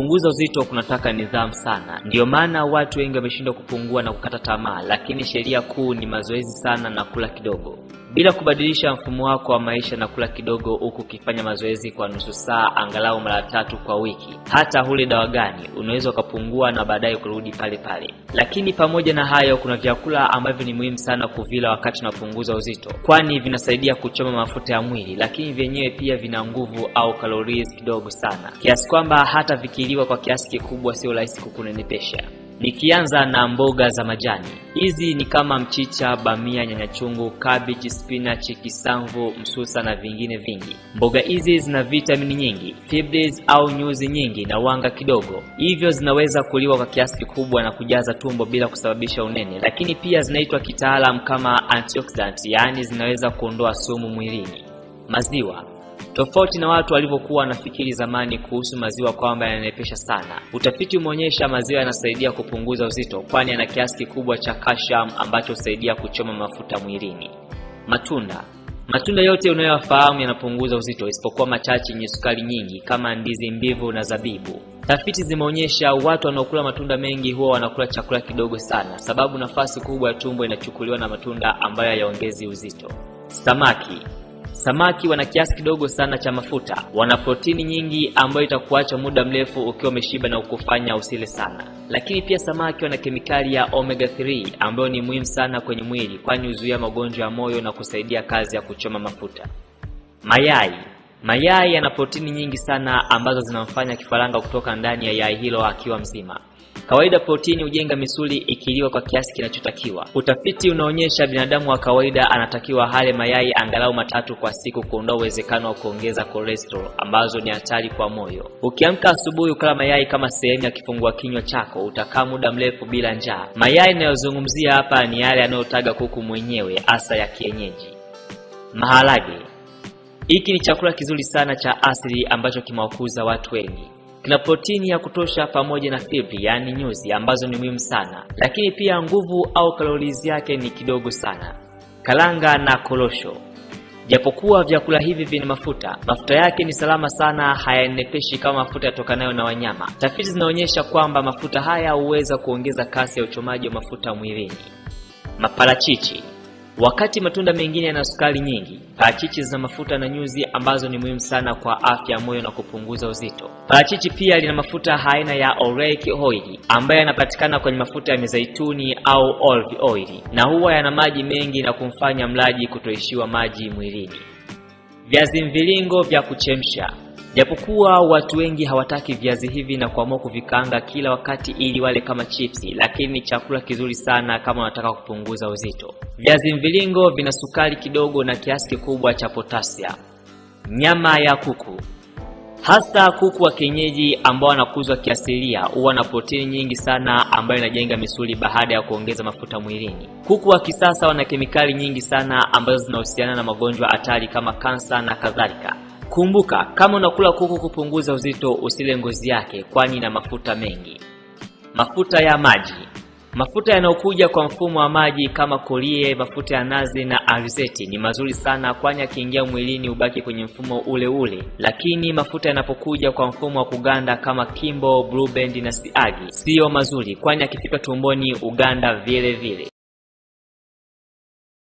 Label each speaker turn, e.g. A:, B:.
A: kupunguza uzito kunataka nidhamu sana, ndiyo maana watu wengi wameshindwa kupungua na kukata tamaa. Lakini sheria kuu ni mazoezi sana na kula kidogo. Bila kubadilisha mfumo wako wa maisha na kula kidogo, huku ukifanya mazoezi kwa nusu saa angalau mara tatu kwa wiki, hata hule dawa gani, unaweza ukapungua na baadaye kurudi pale pale. Lakini pamoja na hayo, kuna vyakula ambavyo ni muhimu sana kuvila wakati unapunguza uzito, kwani vinasaidia kuchoma mafuta ya mwili, lakini vyenyewe pia vina nguvu au calories kidogo sana, kiasi kwamba hata viki inayoliwa kwa kiasi kikubwa sio rahisi kukunenepesha. Nikianza na mboga za majani, hizi ni kama mchicha, bamia, nyanyachungu, cabbage, spinachi, kisamvu, msusa na vingine vingi. Mboga hizi zina vitamini nyingi, fibres au nyuzi nyingi na wanga kidogo, hivyo zinaweza kuliwa kwa kiasi kikubwa na kujaza tumbo bila kusababisha unene, lakini pia zinaitwa kitaalam kama antioxidant, yaani zinaweza kuondoa sumu mwilini. Maziwa tofauti na watu walivyokuwa wanafikiri zamani kuhusu maziwa kwamba yananepesha sana. Utafiti umeonyesha maziwa yanasaidia kupunguza uzito, kwani yana kiasi kikubwa cha calcium ambacho husaidia kuchoma mafuta mwilini. Matunda matunda yote unayoyafahamu yanapunguza uzito isipokuwa machache yenye sukari nyingi kama ndizi mbivu na zabibu. Tafiti zimeonyesha watu wanaokula matunda mengi huwa wanakula chakula kidogo sana, sababu nafasi kubwa ya tumbo inachukuliwa na matunda ambayo hayaongezi uzito. Samaki Samaki wana kiasi kidogo sana cha mafuta, wana protini nyingi ambayo itakuacha muda mrefu ukiwa umeshiba na ukufanya usile sana. Lakini pia samaki wana kemikali ya omega 3 ambayo ni muhimu sana kwenye mwili, kwani huzuia magonjwa ya moyo na kusaidia kazi ya kuchoma mafuta. Mayai mayai yana protini nyingi sana ambazo zinamfanya kifaranga kutoka ndani ya yai hilo akiwa mzima. Kawaida protini hujenga misuli ikiliwa kwa kiasi kinachotakiwa. Utafiti unaonyesha binadamu wa kawaida anatakiwa hale mayai angalau matatu kwa siku kuondoa uwezekano wa kuongeza cholesterol ambazo ni hatari kwa moyo. Ukiamka asubuhi ukala mayai kama sehemu ya kifungua kinywa chako, utakaa muda mrefu bila njaa. Mayai ninayozungumzia hapa ni yale yanayotaga kuku mwenyewe, hasa ya kienyeji. Maharage. Hiki ni chakula kizuri sana cha asili ambacho kimewakuza watu wengi kina protini ya kutosha pamoja na fibri, yaani nyuzi, ambazo ni muhimu sana, lakini pia nguvu au kalorizi yake ni kidogo sana. Karanga na korosho Japokuwa vyakula hivi vina mafuta, mafuta yake ni salama sana, hayanepeshi kama mafuta yatokanayo na wanyama. Tafiti zinaonyesha kwamba mafuta haya huweza kuongeza kasi ya uchomaji wa mafuta mwilini. Maparachichi Wakati matunda mengine yana sukari nyingi, parachichi zina mafuta na nyuzi ambazo ni muhimu sana kwa afya ya moyo na kupunguza uzito. Parachichi pia lina mafuta aina ya oleic oil ambayo yanapatikana kwenye mafuta ya mizeituni au olive oil, na huwa yana maji mengi na kumfanya mlaji kutoishiwa maji mwilini. Viazi mviringo vya kuchemsha Japokuwa watu wengi hawataki viazi hivi na kuamua kuvikaanga kila wakati ili wale kama chipsi, lakini chakula kizuri sana kama unataka kupunguza uzito. Viazi mviringo vina sukari kidogo na kiasi kikubwa cha potasia. Nyama ya kuku, hasa kuku wa kienyeji ambao wanakuzwa kiasilia, huwa na protini nyingi sana ambayo inajenga misuli baada ya kuongeza mafuta mwilini. Kuku wa kisasa wana kemikali nyingi sana ambazo zinahusiana na magonjwa hatari kama kansa na kadhalika. Kumbuka, kama unakula kuku kupunguza uzito, usile ngozi yake, kwani ina mafuta mengi. Mafuta ya maji Mafuta yanayokuja kwa mfumo wa maji kama kolie, mafuta ya nazi na alizeti ni mazuri sana, kwani akiingia mwilini ubaki kwenye mfumo ule ule, lakini mafuta yanapokuja kwa mfumo wa kuganda kama Kimbo, Blue Band na siagi siyo mazuri, kwani akifika tumboni uganda vile vile.